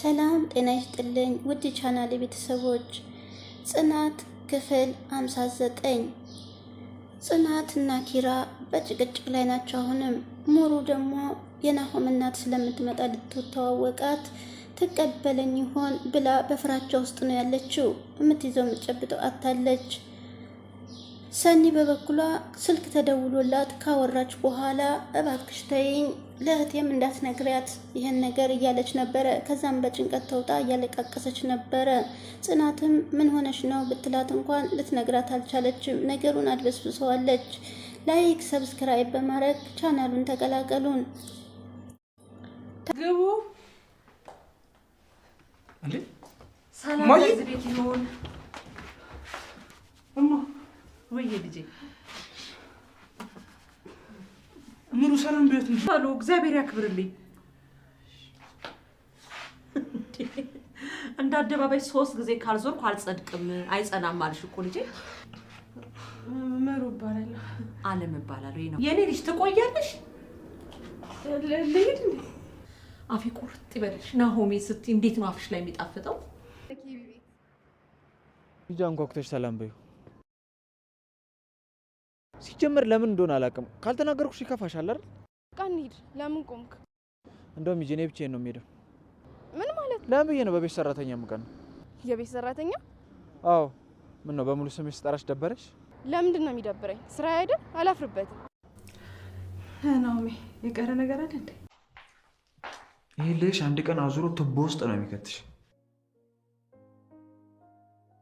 ሰላም ጤና ይስጥልኝ ውድ ቻናል ቤተሰቦች፣ ጽናት ክፍል 59። ጽናት እና ኪራ በጭቅጭቅ ላይ ናቸው። አሁንም ሙሩ ደግሞ የናሆም እናት ስለምትመጣ ልትተዋወቃት ትቀበለኝ ይሆን ብላ በፍራቻ ውስጥ ነው ያለችው። የምትይዘው የምትጨብጠው አታለች። ሰኒ በበኩሏ ስልክ ተደውሎላት ካወራች በኋላ እባክሽ ተይኝ ለእህቴም እንዳትነግሪያት ይህን ነገር እያለች ነበረ። ከዛም በጭንቀት ተውጣ እያለቃቀሰች ነበረ። ጽናትም ምን ሆነች ነው ብትላት እንኳን ልትነግራት አልቻለችም። ነገሩን አድበስብሰዋለች። ላይክ፣ ሰብስክራይብ በማድረግ ቻናሉን ተቀላቀሉን። ግቡ ሰላም ሙሉ ሰላም ቤት አሉ። እግዚአብሔር ያክብርልኝ። እንደ አደባባይ ሶስት ጊዜ ካልዞርኩ አልጸድቅም፣ አይጸናም አልሽ እኮ ልጄ። መሩ እባላለሁ። አለም እባላለሁ። ነው የኔ ልጅ። ትቆያለሽ። ልሂድ። አፌ ቁርጥ ይበልሽ ናሆሜ ስትይ እንዴት ነው አፍሽ ላይ የሚጣፍጠው? ሂጂ አንኳኩተሽ ሰላም በይው ሲጀመር ለምን እንደሆነ አላውቅም። ካልተናገርኩሽ ይከፋሻል አይደል? በቃ እንሂድ። ለምን ቆምክ? እንደውም ሂጂ፣ እኔ ብቻዬን ነው የምሄደው። ምን ማለት ለምን ብዬ ነው። በቤት ሰራተኛ ምቀን። የቤት ሰራተኛ? አዎ። ምን ነው በሙሉ ስምሽ ስጠራሽ ደበረሽ? ለምንድን ነው የሚደብረኝ? ስራ አይደል? አላፍርበትም። ናኦሚ፣ የቀረ ነገር አለ እንዴ? ይሄ ልጅ አንድ ቀን አዙሮ ቱቦ ውስጥ ነው የሚከትሽ።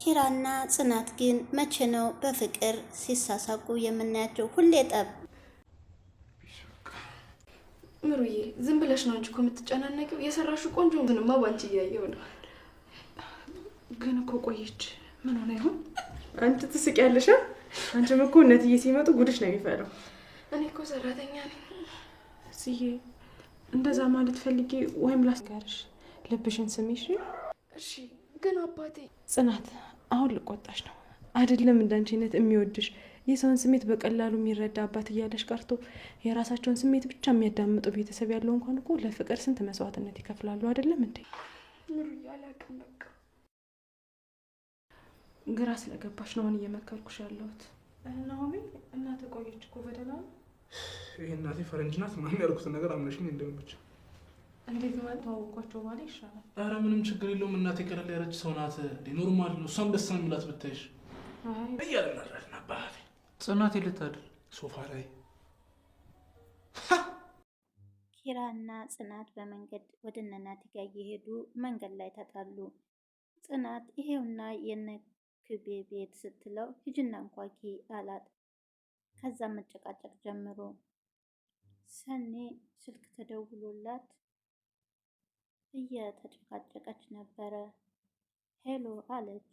ኪራና ጽናት ግን መቼ ነው በፍቅር ሲሳሳቁ የምናያቸው? ሁሌ ጠብ። ምሩዬ ዝም ብለሽ ነው እንጂ እኮ የምትጨናነቂው። የሰራሹ ቆንጆ ምንማ ባንቺ እያየው ነው። ግን እኮ ቆየች። ምን ሆነ ይሆን? አንቺ ትስቂያለሽ። አንቺም እኮ እነትዬ ሲመጡ ጉድሽ ነው የሚፈለው። እኔ እኮ ሰራተኛ ነኝ። ስዬ እንደዛ ማለት ፈልጌ ወይም ላስጋርሽ ልብሽን ስሚሽ እሺ ግን አባቴ ጽናት፣ አሁን ልቆጣሽ ነው አይደለም። እንዳንቺ አይነት የሚወድሽ የሰውን ስሜት በቀላሉ የሚረዳ አባት እያለሽ ቀርቶ የራሳቸውን ስሜት ብቻ የሚያዳምጡ ቤተሰብ ያለው እንኳን እኮ ለፍቅር ስንት መስዋዕትነት ይከፍላሉ። አይደለም እንዴ? ግራ ስለገባሽ ነው አሁን እየመከርኩሽ ያለሁት። እናሆሚ እናት ቆየች እኮ በደህና ነው። ይህ እናቴ ፈረንጅ ናት። ማን ያልኩትን ነገር አምነሽኝ እንደምች እንዴት ይሻላል። ኧረ ምንም ችግር የለውም እናቴ ቀለል ያለች ሰው ናት። ኖርማል ነው። እሷም ደስ ነው የሚላት ብታይሽ ጽናቴ ልታድር ሶፋ ላይ ጽናት በመንገድ ወደ እነ ጋር እየሄዱ መንገድ ላይ ተጣሉ። ጽናት ይሄውና የነ ክቤ ቤት ስትለው ሂጂና እንኳኪ አላት። ከዛ መጨቃጨቅ ጀምሮ ሰኔ ስልክ ተደውሎላት እየተጨቃጨቀች ነበረ። ሄሎ አለች።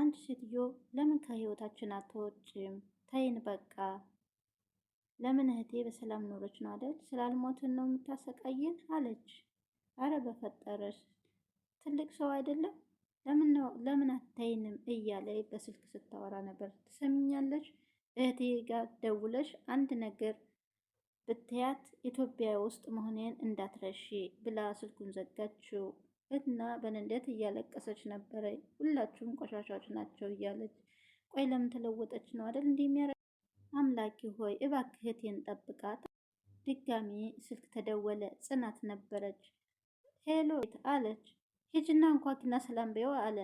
አንድ ሴትዮ ለምን ከህይወታችን አትወጭም? ተይን በቃ። ለምን እህቴ በሰላም ኖረች ነው አለች። ስላልሞትን ነው የምታሰቃይን አለች። አረ በፈጠረች ትልቅ ሰው አይደለም ለምን ነው ለምን አታይንም? እያለ በስልክ ስታወራ ነበር። ትሰሚኛለሽ? እህቴ ጋር ደውለሽ አንድ ነገር ብትያት ኢትዮጵያ ውስጥ መሆኔን እንዳትረሺ ብላ ስልኩን ዘጋችው እና በንዴት እያለቀሰች ነበረ። ሁላችሁም ቆሻሻዎች ናቸው እያለች ቆይ ለምን ተለወጠች ነው አደል እንዲህ የሚያረ አምላኪ ሆይ እባክህ ጠብቃት። ድጋሚ ስልክ ተደወለ። ጽናት ነበረች። ሄሎ አለች። ሂጅና እንኳኪና ሰላም በይው አለ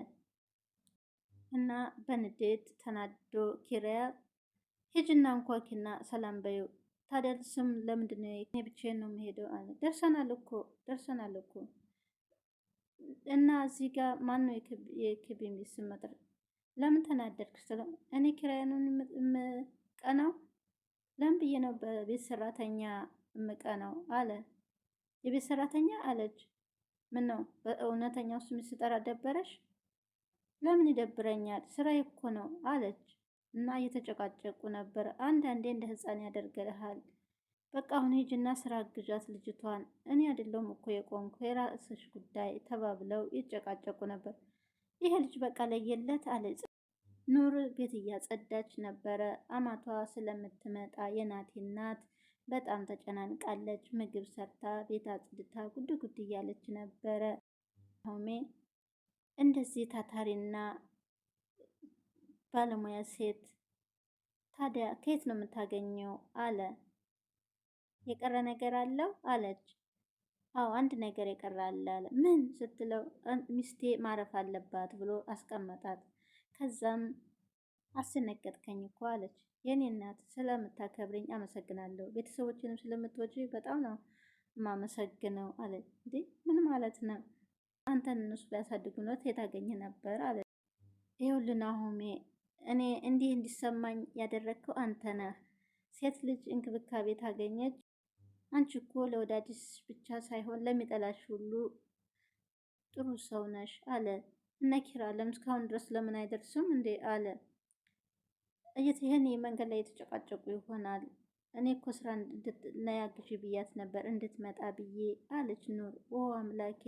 እና በንዴት ተናዶ ኪራያ ሂጅና እንኳኪና ሰላም በይው ታዲያ ስም ለምንድን ነው ብቻዬን ነው የምሄደው? አለ ደርሰናል እኮ ደርሰናል እኮ እና እዚህ ጋር ማን ነው የክቢ ሚስት ስም ለምን ተናደድክ ስለ እኔ ኪራይኑን የምቀናው ለምን ብዬ ነው በቤት ሰራተኛ የምቀናው አለ። የቤት ሰራተኛ አለች። ምን ነው በእውነተኛው ስም ስጠራ ደበረሽ? ለምን ይደብረኛል? ስራዬ እኮ ነው አለች። እና እየተጨቃጨቁ ነበር። አንዳንዴ እንደ ህፃን ያደርገልሃል። በቃ አሁን ሂጂና ስራ ግዣት ልጅቷን። እኔ አይደለሁም እኮ የቆምኩ የራስሽ ጉዳይ ተባብለው ይጨቃጨቁ ነበር። ይሄ ልጅ በቃ ለየለት አለ። ኑር ቤት እያጸዳች ነበረ። አማቷ ስለምትመጣ የናቴ እናት በጣም ተጨናንቃለች። ምግብ ሰርታ ቤት አጽድታ ጉድ ጉድ እያለች ነበረ። ሆሜ እንደዚህ ታታሪና ባለሙያ ሴት ታዲያ ከየት ነው የምታገኘው? አለ። የቀረ ነገር አለው አለች። አዎ አንድ ነገር የቀረ አለ አለ። ምን ስትለው፣ ሚስቴ ማረፍ አለባት ብሎ አስቀመጣት። ከዛም አስነቀጥከኝ እኮ አለች። የኔ እናት ስለምታከብርኝ አመሰግናለሁ፣ ቤተሰቦችንም ስለምትወጂ በጣም ነው ማመሰግነው አለች። እንዴ ምን ማለት ነው? አንተን እነሱ ቢያሳድጉ ነው የታገኘ ነበር አለች። ይኸውልህ ናሆሜ እኔ እንዲህ እንዲሰማኝ ያደረግከው አንተ ነህ። ሴት ልጅ እንክብካቤ ታገኘች። አንቺ እኮ ለወዳጅሽ ብቻ ሳይሆን ለሚጠላሽ ሁሉ ጥሩ ሰው ነሽ አለ እና ኪራ ለም እስካሁን ድረስ ለምን አይደርስም እንዴ አለ። ይህን መንገድ ላይ የተጨቃጨቁ ይሆናል። እኔ እኮ ስራ እንድትነያግሽ ብያት ነበር እንድትመጣ ብዬ አለች ኑር። ኦ አምላኬ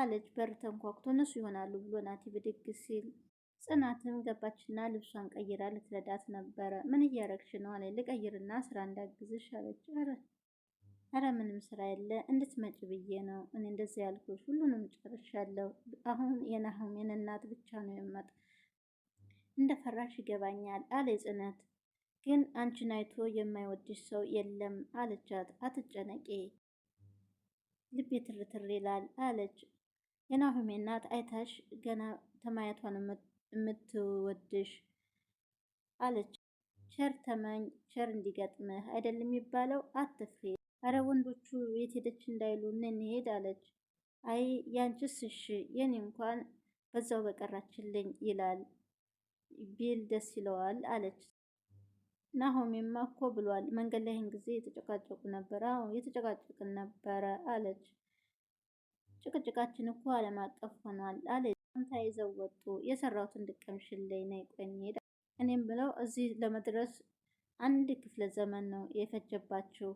አለች። በር ተንኳኩቶ እነሱ ይሆናሉ ብሎ ናቲ ብድግ ሲል ጽናትም ገባችና ልብሷን ቀይራ ልትረዳት ነበረ። ምን እያረግሽ ነው አለ። ልቀይርና ስራ እንዳግዝሽ አለች። አረ ምንም ስራ የለ እንድትመጪ ብዬ ነው እኔ እንደዚህ ያልኩሽ። ሁሉንም ጨርሻለሁ። አሁን የናሆሜን እናት ብቻ ነው የመጥ እንደፈራሽ ይገባኛል አለ ጽናት። ግን አንቺን አይቶ የማይወድሽ ሰው የለም አለቻት። አትጨነቂ ልቤ ትርትር ይላል አለች። የናሆሜ እናት አይታሽ ገና ተማየቷን የምትወድሽ አለች። ሸር ተመኝ ሸር እንዲገጥምህ አይደል የሚባለው? አትፍሬ አረ ወንዶቹ የት ሄደች እንዳይሉ እንሄድ አለች። አይ ያንቺስ እሺ፣ የኔ እንኳን በዛው በቀራችልኝ ይላል ቢል ደስ ይለዋል አለች። ናሆሜማ እኮ ብሏል መንገድ ላይን ጊዜ የተጨቃጨቁ ነበር። አዎ የተጨቃጨቅን ነበረ አለች። ጭቅጭቃችን እኮ ዓለም አቀፍ ሆኗል አለች። ተያይዘው ወጡ። የሰራሁትን እንድቀምሽልኝ ነይ ቆኝ ሄዳ እኔም ብለው እዚህ ለመድረስ አንድ ክፍለ ዘመን ነው የፈጀባችሁ።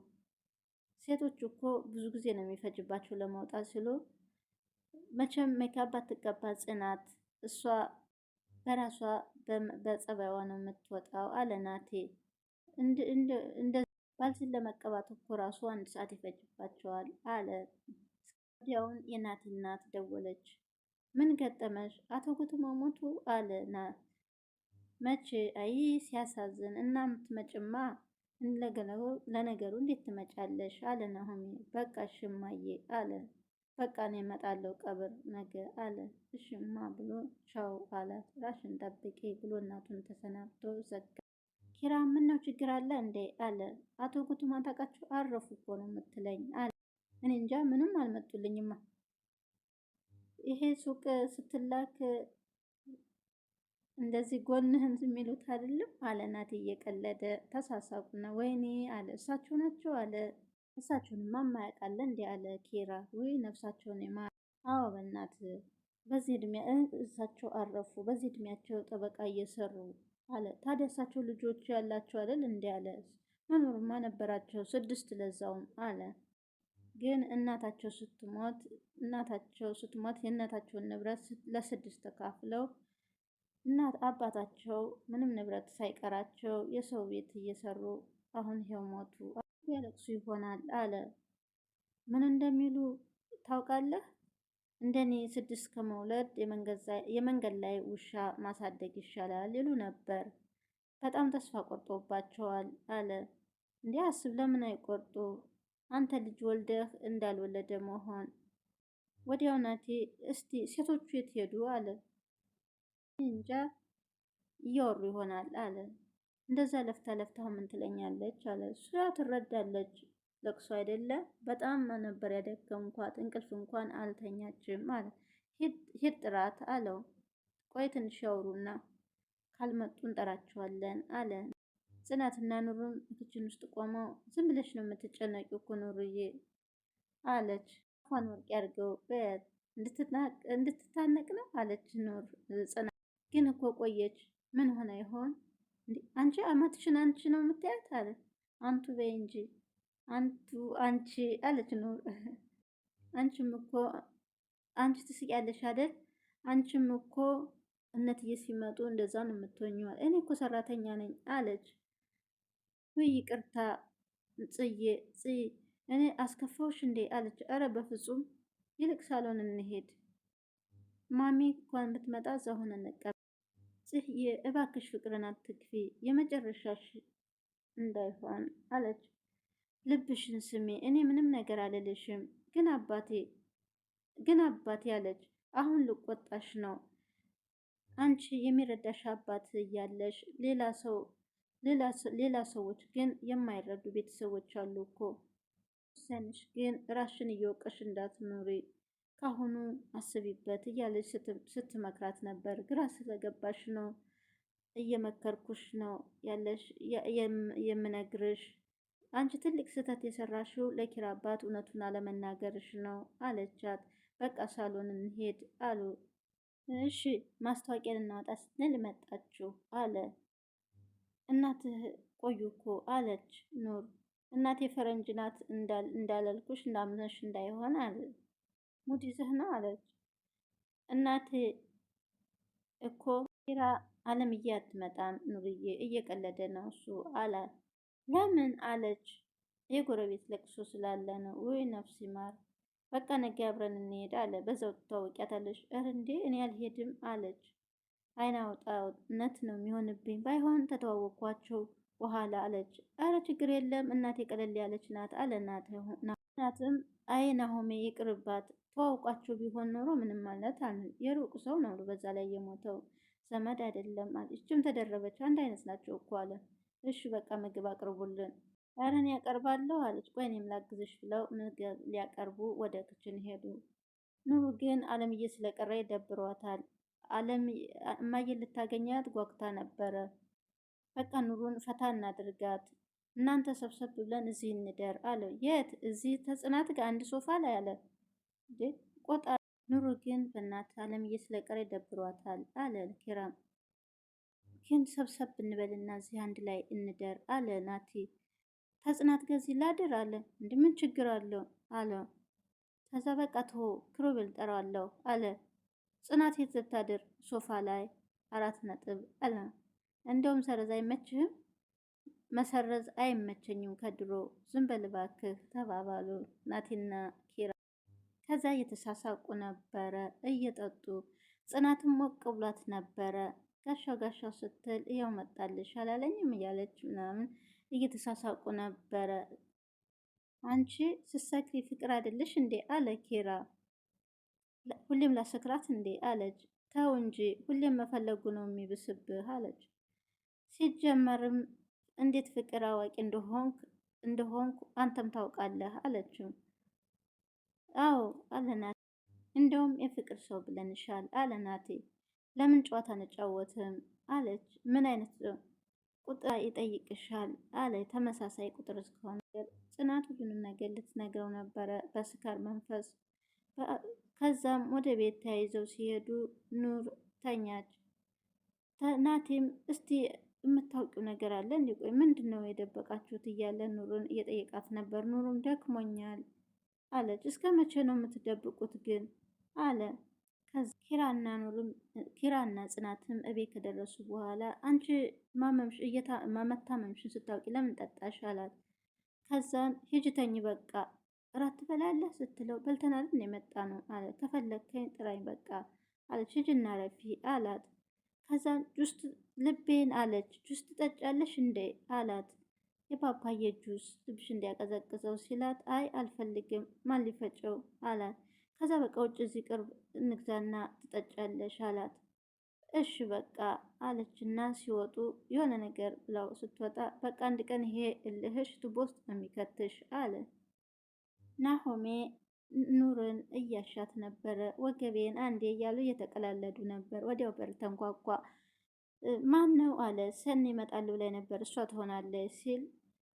ሴቶች እኮ ብዙ ጊዜ ነው የሚፈጅባችሁ ለመውጣት ሲሉ መቼም ሜካፕ አትቀባ ጽናት፣ እሷ በራሷ በጸባይዋ ነው የምትወጣው አለ ናቴ። ባልዚን ለመቀባት እኮ ራሱ አንድ ሰዓት ይፈጅባቸዋል አለ። ወዲያውን የናቴ እናት ደወለች። ምን ገጠመሽ? አቶ ጉቱ አለ ናት መቼ? አይ ሲያሳዝን። እና ምትመጭማ ለነገሩ እንዴት ትመጫለሽ? አለ ናሆሚ። በቃ ሽማዬ አለ። በቃ ነው የመጣለው ቀብር ነገ አለ። እሽማ ብሎ ቻው አላት። ራሽን ጠብቂ ብሎ እናቱን ተሰናብቶ ዘጋ። ኪራ ምነው ችግር አለ እንዴ? አለ። አቶ ጉቱማ ታውቃችሁ አረፉ እኮ ነው የምትለኝ አለ። እኔ እንጃ ምንም አልመጡልኝማ ይሄ ሱቅ ስትላክ እንደዚህ ጎንህን የሚሉት አይደለም አለ ናቲ እየቀለደ። ተሳሳቁና ወይኔ አለ እሳቸው ናቸው አለ እሳቸውንማ ማማያቃለ እንዲ አለ ኪራ። ወይ ነፍሳቸውን ማ አዎ በእናት በዚህ እድሜ እሳቸው አረፉ። በዚህ እድሜያቸው ጠበቃ እየሰሩ አለ። ታዲያ እሳቸው ልጆች ያላቸው አይደል? እንዲ አለ መኖርማ ነበራቸው ስድስት ለዛውም አለ ግን እናታቸው ስትሞት እናታቸው ስትሞት የእናታቸውን ንብረት ለስድስት ተካፍለው እናት አባታቸው ምንም ንብረት ሳይቀራቸው የሰው ቤት እየሰሩ አሁን ይኸው ሞቱ። ያለቅሱ ይሆናል አለ። ምን እንደሚሉ ታውቃለህ? እንደኔ ስድስት ከመውለድ የመንገድ ላይ ውሻ ማሳደግ ይሻላል ይሉ ነበር። በጣም ተስፋ ቆርጦባቸዋል አለ። እንዲህ አስብ፣ ለምን አይቆርጡ? አንተ ልጅ ወልደህ እንዳልወለደ መሆን። ወዲያው ናቲ እስቲ ሴቶቹ የት ሄዱ አለ። እንጃ እያወሩ ይሆናል አለ። እንደዛ ለፍታ ለፍታ ምን ትለኛለች አለ። እሷ ትረዳለች። ለቅሶ አይደለ በጣም ነበር ያደከምኳት፣ እንቅልፍ እንኳን አልተኛችም አለ። ሂድ ጥራት አለው። ቆይ ትንሽ ያውሩና ካልመጡ እንጠራቸዋለን አለ። ጽናትና ኑሩም ክችን ውስጥ ቆመው ዝም ብለሽ ነው የምትጨነቂው እኮ ኑሩዬ አለች። አፏን ወርቅ ያድርገው በያት እንድትታነቅ ነው አለች ኑር። ጽናት ግን እኮ ቆየች። ምን ሆነ ይሆን? አንቺ አማትሽን አንቺ ነው የምታያት አለች። አንቱ በይ እንጂ አንቱ አንቺ አለች ኑር። አንቺም እኮ አንቺ ትስቂያለሽ አይደል? አንቺም እኮ እነትዬ ሲመጡ እንደዛ ነው የምትሆኝዋል። እኔ እኮ ሰራተኛ ነኝ አለች። ውይ ይቅርታ ጽዬ ጽይ እኔ አስከፋውሽ እንዴ አለች። እረ በፍጹም ይልቅ ሳሎን እንሄድ፣ ማሚ እንኳን ብትመጣ እዛው ሆነን እንቀበል። ጽዬ እባክሽ ፍቅርን አትግፊ፣ የመጨረሻሽ እንዳይሆን አለች። ልብሽን ስሜ እኔ ምንም ነገር አልልሽም፣ ግን አባቴ ግን አባቴ አለች። አሁን ልቆጣሽ ነው። አንቺ የሚረዳሽ አባት እያለሽ ሌላ ሰው ሌላ ሰዎች ግን የማይረዱ ቤተሰቦች አሉ እኮ። ሰንሽ ግን ራሽን እየወቀሽ እንዳትኖሪ ካሁኑ አስቢበት እያለች ስትመክራት ነበር። ግራ ስለገባሽ ነው እየመከርኩሽ ነው ያለሽ የምነግርሽ። አንቺ ትልቅ ስህተት የሰራሽው ለኪራ አባት እውነቱን አለመናገርሽ ነው አለቻት። በቃ ሳሎን እንሄድ አሉ። እሺ ማስታወቂያ እናወጣ ስንል መጣችሁ አለ እናትህ ቆዩ እኮ አለች ኑር። እናቴ ፈረንጅ ናት እንዳላልኩሽ እንዳምነሽ እንዳይሆን አለ። ሙድ ይዘህ ነው አለች። እናቴ እኮ ራ አለምዬ አትመጣም ኑርዬ፣ እየቀለደ ነው እሱ አላት። ለምን አለች። የጎረቤት ለቅሶ ስላለ ነው። ወይ ነፍስ ይማር። በቃ ነገ አብረን እንሄድ አለ። በዛው ታወቂያታለሽ። እር እንዴ እኔ አልሄድም አለች። አይን አውጣነት ነው የሚሆንብኝ። ባይሆን ተተዋወቅኳቸው በኋላ አለች። አረ ችግር የለም እናቴ ቀለል ያለች ናት አለ ናትም። አይ ናሆሜ ይቅርባት፣ ተዋውቋቸው ቢሆን ኖሮ ምንም ማለት አለ። የሩቅ ሰው ነው በዛ ላይ የሞተው ዘመድ አይደለም አለ። እችም ተደረበች። አንድ አይነት ናቸው እኮ አለ። እሺ በቃ ምግብ አቅርቡልን። አረን ያቀርባለሁ አለች። ቆይ እኔም ላግዝሽ ብለው ምግብ ሊያቀርቡ ወደ ክችን ሄዱ። ኑሩ ግን አለምዬ ስለቀረ ይደብሯታል። አለም እማዬን ልታገኛት ጓጉታ ነበረ። በቃ ኑሮን ፈታ እናድርጋት፣ እናንተ ሰብሰብ ብለን እዚህ እንደር አለ። የት እዚህ ተጽናት ጋር አንድ ሶፋ ላይ አለ። እንዴ ቆጣ ኑሮ ግን በእናት አለም እየስለቀረ ደብሯታል አለ ኪራም። ግን ሰብሰብ እንበልና እዚህ አንድ ላይ እንደር አለ ናቲ። ተጽናት ጋር ገዚ ላድር አለ። እንዲህ ምን ችግር አለው አለ። ከዛ በቃ ትሆ ክሮቤል ጠራለሁ አለ ጽናት የት ስታድር ሶፋ ላይ አራት ነጥብ አለ። እንደውም ሰረዝ አይመችህም? መሰረዝ አይመቸኝም ከድሮ ዝም በል እባክህ ተባባሉ ናቲና ኪራ። ከዛ እየተሳሳቁ ነበረ እየጠጡ። ጽናትም ሞቅ ብሏት ነበረ። ጋሻው ጋሻው ስትል እያው መጣልሽ አላለኝም እያለች ምናምን እየተሳሳቁ ነበረ። አንቺ ስሰክሪ ፍቅር አይደለሽ እንዴ አለ ኪራ። ሁሌም ላሰክራት እንዴ አለች። ተው እንጂ ሁሌም መፈለጉ ነው የሚብስብህ አለች። ሲጀመርም እንዴት ፍቅር አዋቂ እንደሆንክ እንደሆንኩ አንተም ታውቃለህ አለችው። አዎ አለናቴ፣ እንደውም የፍቅር ሰው ብለንሻል አለናቴ። ለምን ጨዋታ አንጫወትም አለች። ምን አይነት ቁጥር ይጠይቅሻል አለ። ተመሳሳይ ቁጥር እስከሆነ ጽናት ሁሉንም ነገር ልትነግረው ነበረ በስካር መንፈስ ከዛም ወደ ቤት ተያይዘው ሲሄዱ ኑር ተኛች። ናቲም እስቲ የምታውቂው ነገር አለ እንዲ ቆይ ምንድን ነው የደበቃችሁት? እያለ ኑሩን እየጠየቃት ነበር። ኑሩም ደክሞኛል አለች። እስከ መቼ ነው የምትደብቁት ግን አለ። ኪራና ኑሩም ኪራና ጽናትም እቤት ከደረሱ በኋላ አንቺ ማመምሽ መታመምሽን ስታውቂ ለምን ጠጣሽ? አላት። ከዛን ሂጅተኝ በቃ እራት ትበላለህ ስትለው በልተናል የመጣ ነው አለ። ከፈለግከኝ ጥራኝ በቃ አለች። ሂጂና ረፊ አላት። ከዛ ጁስ ልቤን አለች። ጁስ ትጠጫለሽ እንዴ አላት። የፓፓየ ጁስ ልብሽ እንዲያቀዘቅዘው ሲላት አይ አልፈልግም ማን ሊፈጨው አላት። ከዛ በቃ ውጭ እዚህ ቅርብ እንግዛና ትጠጫለሽ አላት። እሺ በቃ አለችና ሲወጡ የሆነ ነገር ብለው ስትወጣ በቃ አንድ ቀን ይሄ እልህሽ ቱቦ ውስጥ ነው የሚከትሽ አለ። ናሆሜ ኑርን እያሻት ነበረ። ወገቤን አንዴ እያሉ እየተቀላለዱ ነበር። ወዲያው በር ተንኳኳ። ማን ነው አለ። ሰኒ ይመጣሉ ብላይ ነበር እሷ ትሆናለች ሲል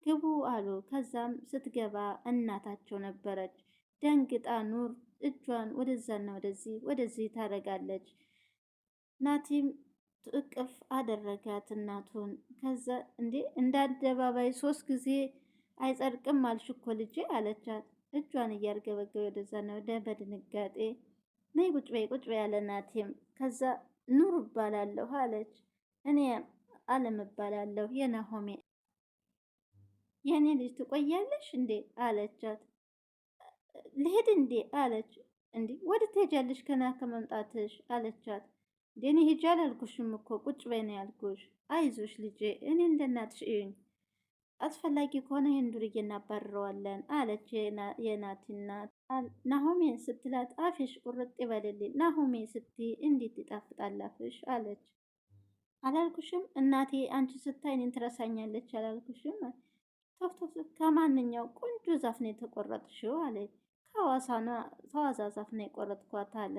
ግቡ አሉ። ከዛም ስትገባ እናታቸው ነበረች። ደንግጣ ኑር እጇን ወደዛና ወደዚህ ወደዚህ ታደርጋለች። ናቲም እቅፍ አደረጋት እናቱን። ከዛ እንዴ እንደ አደባባይ ሶስት ጊዜ አይጸድቅም አልሽ ልጄ አለቻት። እጇን እያርገበገበ ወደዛ ነው ደ በድንጋጤ ነይ ቁጭ በይ ቁጭ በይ ያለ ናቲም። ከዛ ኑር እባላለሁ አለች። እኔ አለም እባላለሁ የናሆሜ የእኔ ልጅ ትቆያለሽ እንዴ አለቻት። ልሄድ እንዴ አለች። እንዲ ወደ ትሄጃለሽ ከና ከመምጣትሽ አለቻት። እንዴ እኔ ሂጂ አላልኩሽም እኮ ቁጭ በይ ነው ያልኩሽ። አይዞሽ ልጄ እኔ እንደናትሽ እዩኝ አስፈላጊ ከሆነ ይህን ዱርዬ እናባርረዋለን አለች የናቲ እናት። ናሆሜ ስትላት አፍሽ ቁርጥ ይበልልኝ ናሆሜ ስቲ እንዴት ይጣፍጣል አፍሽ አለች። አላልኩሽም እናቴ አንቺ ስታይ እኔን ትረሳኛለች አላልኩሽም? ቶፍቶፍ ከማንኛው ቆንጆ ዛፍ ነው የተቆረጥሽው አለች። ከዋዛ ዛፍ ነው የቆረጥኳት አለ።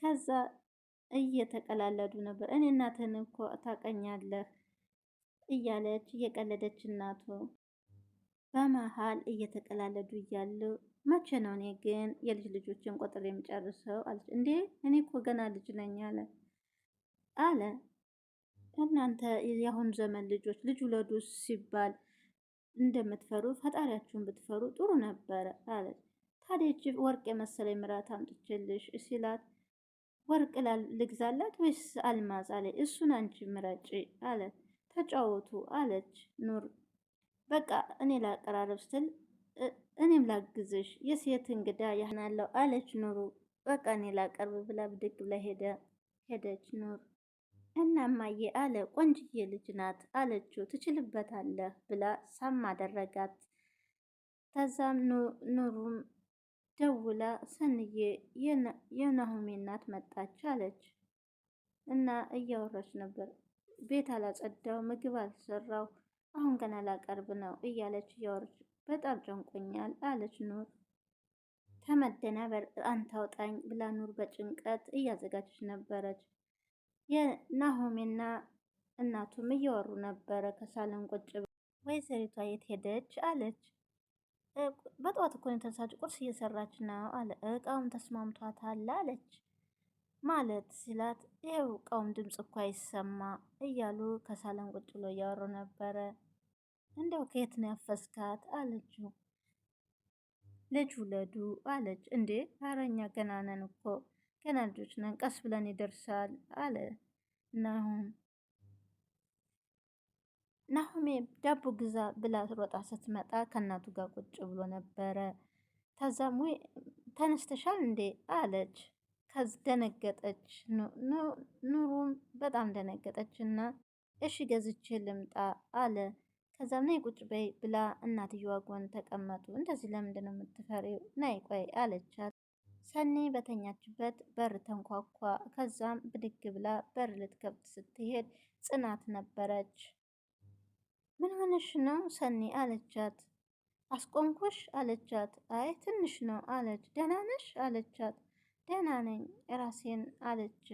ከዛ እየተቀላለዱ ነበር። እኔ እናትህን እኮ ታቀኛለህ እያለች እየቀለደች እናቱ በመሀል እየተቀላለዱ እያሉ መቼ ነው እኔ ግን የልጅ ልጆችን ቆጥር የሚጨርሰው አለች። እንዴ እኔ እኮ ገና ልጅ ነኝ አለ አለ እናንተ የአሁኑ ዘመን ልጆች ልጅ ውለዱ ሲባል እንደምትፈሩ ፈጣሪያችሁን ብትፈሩ ጥሩ ነበረ አለች። ታዲያች ወርቅ የመሰለ ምራት አምጥችልሽ ሲላት ወርቅ ልግዛላት ወይስ አልማዝ አለ። እሱን አንቺ ምረጪ አለት። ተጫወቱ አለች ኑር። በቃ እኔ ላቀራረብ ስትል እኔም ላግዝሽ የሴት እንግዳ ያህናለው አለች ኑሩ። በቃ እኔ ላቀርብ ብላ ብድግ ብላ ሄደ ሄደች ኑር። እናማዬ አለ ቆንጅዬ ልጅ ናት አለችው። ትችልበታለህ ብላ ሳም አደረጋት። ከዛም ኑሩም ደውላ ሰንዬ የናሁሜ እናት መጣች አለች እና እያወራች ነበር ቤት አላጸዳው፣ ምግብ አልሰራው፣ አሁን ገና ላቀርብ ነው እያለች እያወረች በጣም ጨንቆኛል አለች ኑር። ከመደናበር አንታውጣኝ ብላ ኑር በጭንቀት እያዘጋጀች ነበረች። የናሆሜና እናቱም እያወሩ ነበረ ከሳለን ቁጭ ወይዘሪቷ የት ሄደች አለች። በጠዋት እኮ የተነሳች ቁርስ እየሰራች ነው አለ። እቃውም ተስማምቷታል አለች። ማለት ሲላት ይኸው እቃውም ድምፅ እኳ ይሰማ እያሉ ከሳለን ቁጭ ብሎ እያወሩ ነበረ። እንደው ከየት ነው ያፈስካት አለችው። ልጅ ውለዱ አለች። እንዴ አረኛ ገና ነን እኮ ገና ልጆች ነን፣ ቀስ ብለን ይደርሳል አለ ናሁም። ናሁሜ ዳቦ ግዛ ብላ ሮጣ ስትመጣ ከእናቱ ጋር ቁጭ ብሎ ነበረ። ከዛም ተነስተሻል እንዴ አለች። ደነገጠች። ኑሩም በጣም ደነገጠች እና እሺ ገዝቼ ልምጣ አለ። ከዛም ናይ ቁጭ በይ ብላ እናትየዋ ጎን ተቀመጡ። እንደዚህ ለምንድን ነው የምትፈሪው? ናይ ቆይ አለቻት። ሰኒ በተኛችበት በር ተንኳኳ። ከዛም ብድግ ብላ በር ልትከብት ስትሄድ ጽናት ነበረች። ምን ሆነሽ ነው ሰኒ አለቻት። አስቆንኩሽ አለቻት። አይ ትንሽ ነው አለች። ደህና ነሽ አለቻት። ደህና ነኝ ራሴን አለች።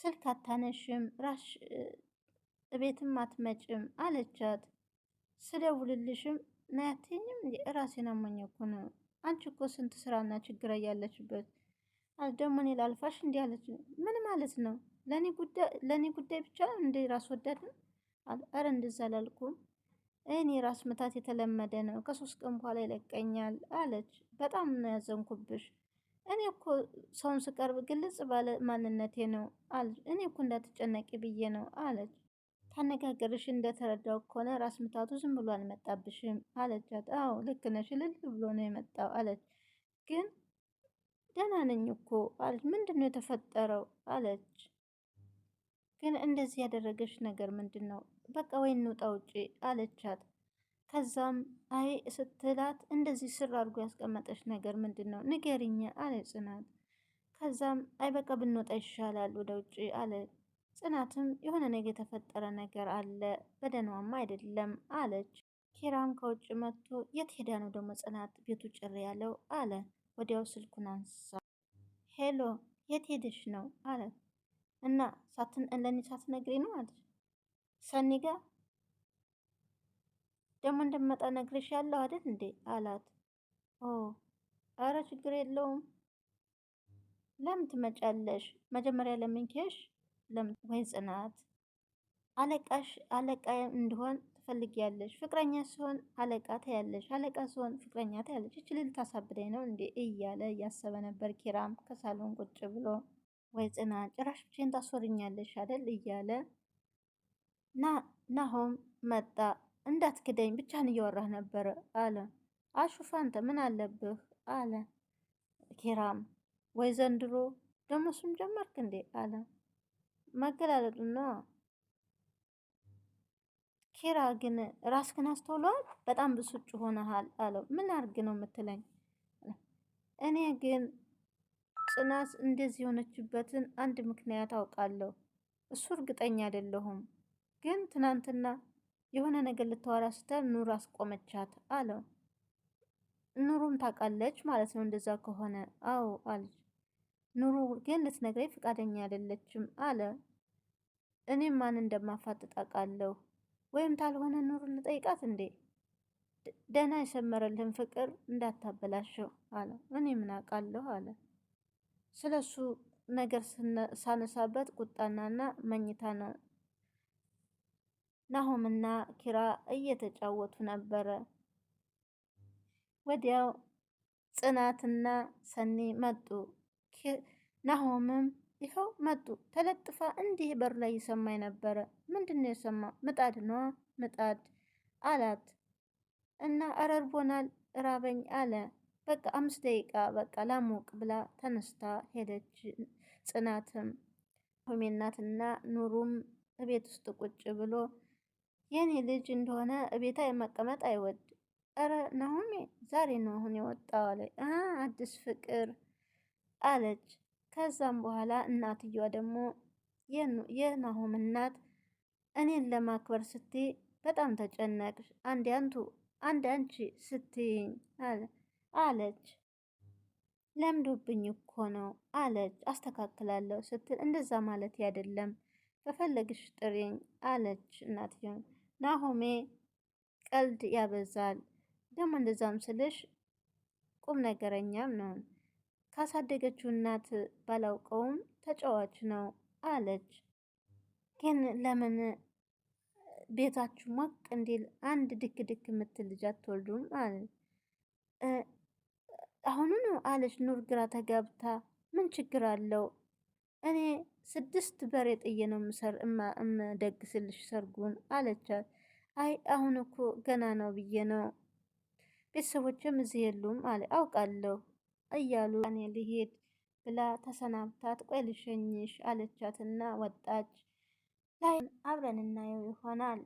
ስልክ አታነሽም፣ ራሽ ቤትም አትመጭም አለቻት። ስደውልልሽም ናያትኝም ራሴን አሞኝ እኮ ነው። አንቺ እኮ ስንት ስራና ችግር እያለችበት ደግሞ እኔ ላልፋሽ እንዲህ አለች። ምን ማለት ነው? ለእኔ ጉዳይ ብቻ እንደ ራስ ወዳድ ነው። ኧረ እንደዛ አላልኩም። እኔ ራስ ምታት የተለመደ ነው። ከሶስት ቀን በኋላ ይለቀኛል አለች። በጣም ነው ያዘንኩብሽ። እኔ እኮ ሰውን ስቀርብ ግልጽ ባለ ማንነቴ ነው አለች። እኔ እኮ እንዳትጨነቂ ብዬ ነው አለች። ታነጋገርሽ እንደተረዳው ከሆነ ራስ ምታቱ ዝም ብሎ አልመጣብሽም አለቻት። አዎ ልክ ነሽ፣ እልል ብሎ ነው የመጣው አለች። ግን ደህና ነኝ እኮ አለች። ምንድን ነው የተፈጠረው አለች። ግን እንደዚህ ያደረገሽ ነገር ምንድን ነው? በቃ ወይ እንውጣ ውጪ አለቻት። ከዛም አይ ስትላት እንደዚህ ስር አድርጎ ያስቀመጠች ነገር ምንድን ነው ንገሪኝ አለ ጽናት። ከዛም አይ በቃ ብንወጣ ይሻላል ወደ ውጭ አለ ጽናትም የሆነ ነገር የተፈጠረ ነገር አለ በደንዋም አይደለም አለች። ኪራም ከውጭ መጥቶ የት ሄዳ ነው ደግሞ ጽናት ቤቱ ጭር ያለው አለ። ወዲያው ስልኩን አንሳ። ሄሎ የት ሄደሽ ነው አለ እና ሳትን ለኔ ሳትነግሪ ነው አለች ሰኒ ጋር ደግሞ እንደመጣ ያለው አይደል እንዴ አላት። ኦ አረ ችግር የለውም። ለምን ትመጫለሽ? መጀመሪያ ለምን ኬሽ ለምን ወይ ጽናት አለቃሽ አለቃ እንድሆን ትፈልጊያለሽ? ፍቅረኛ ሲሆን አለቃ ታያለሽ፣ አለቃ ሲሆን ፍቅረኛ ታያለሽ። እች ልል ታሳብደኝ ነው እንዴ እያለ እያሰበ ነበር። ኪራም ከሳሎን ቁጭ ብሎ ወይ ጽናት ጭራሽ ብቻዬን ታስወርኛለሽ አይደል እያለ ና ናሆም መጣ። እንዳትክደኝ ብቻህን እያወራህ ነበረ አለ። አሹፍ አንተ ምን አለብህ አለ ኪራም። ወይ ዘንድሮ ደግሞ እሱም ጀመርክ እንዴ አለ መገላለጡና ኪራ ግን ራስክን አስተውለዋል። በጣም ብስጭ ሆነሃል አለው። ምን አርግ ነው የምትለኝ? እኔ ግን ጽናት እንደዚህ የሆነችበትን አንድ ምክንያት አውቃለሁ። እሱ እርግጠኛ አይደለሁም፣ ግን ትናንትና የሆነ ነገር ልታወራ ስትል ኑር አስቆመቻት አለው። ኑሩም ታውቃለች ማለት ነው እንደዛ ከሆነ አዎ አለች። ኑሩ ግን ልትነግረኝ ፈቃደኛ አይደለችም አለ። እኔም ማን እንደማፋጥጥ አውቃለሁ። ወይም ታልሆነ ኑሩ ልጠይቃት እንዴ? ደህና የሰመረልህን ፍቅር እንዳታበላሸው አለ። እኔ ምን አውቃለሁ አለ። ስለሱ ነገር ሳነሳበት ቁጣናና መኝታ ነው ናሆምና ኪራ እየተጫወቱ ነበረ። ወዲያው ጽናትና ሰኒ መጡ። ናሆምም ይኸው መጡ። ተለጥፋ እንዲህ በር ላይ ይሰማኝ ነበረ። ምንድን ነው የሰማ? ምጣድ ነዋ ምጣድ አላት እና እረርቦናል እራበኝ አለ። በቃ አምስት ደቂቃ በቃ ላሞቅ ብላ ተነስታ ሄደች። ጽናትም ሆሜናትና ኑሩም ቤት ውስጥ ቁጭ ብሎ የኔ ልጅ እንደሆነ እቤታ የመቀመጥ አይወድ። እረ ናሆሜ ዛሬ ነው አሁን የወጣው አለ አዲስ ፍቅር አለች። ከዛም በኋላ እናትየዋ ደግሞ የናሆም እናት እኔን ለማክበር ስትይ በጣም ተጨነቅሽ፣ አንድ አንቱ አንድ አንቺ ስትይኝ አለች። ለምዶብኝ እኮ ነው አለች። አስተካክላለሁ ስትል እንደዛ ማለት አይደለም፣ ከፈለግሽ ጥሪኝ አለች እናትየውን። ናሆሜ ቀልድ ያበዛል። ደግሞ እንደዛም ስልሽ ቁም ነገረኛም ነው። ካሳደገችው እናት ባላውቀውም ተጫዋች ነው አለች። ግን ለምን ቤታችሁ ሞቅ እንዲል አንድ ድክ ድክ የምትል ልጅ አትወልዱም? አለ አሁኑ ነው አለች ኑር ግራ ተጋብታ። ምን ችግር አለው እኔ ስድስት በሬ ጥዬ ነው እምደግስልሽ ሰርጉን አለቻት። አይ አሁን እኮ ገና ነው ብዬ ነው ቤተሰቦችም እዚህ የሉም አለ። አውቃለሁ እያሉ እኔ ልሄድ ብላ ተሰናብታት ቆይ ልሸኝሽ አለቻትና ወጣች። ላይ አብረን እናየው ይሆናል።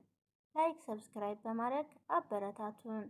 ላይክ ሰብስክራይብ በማድረግ አበረታቱን።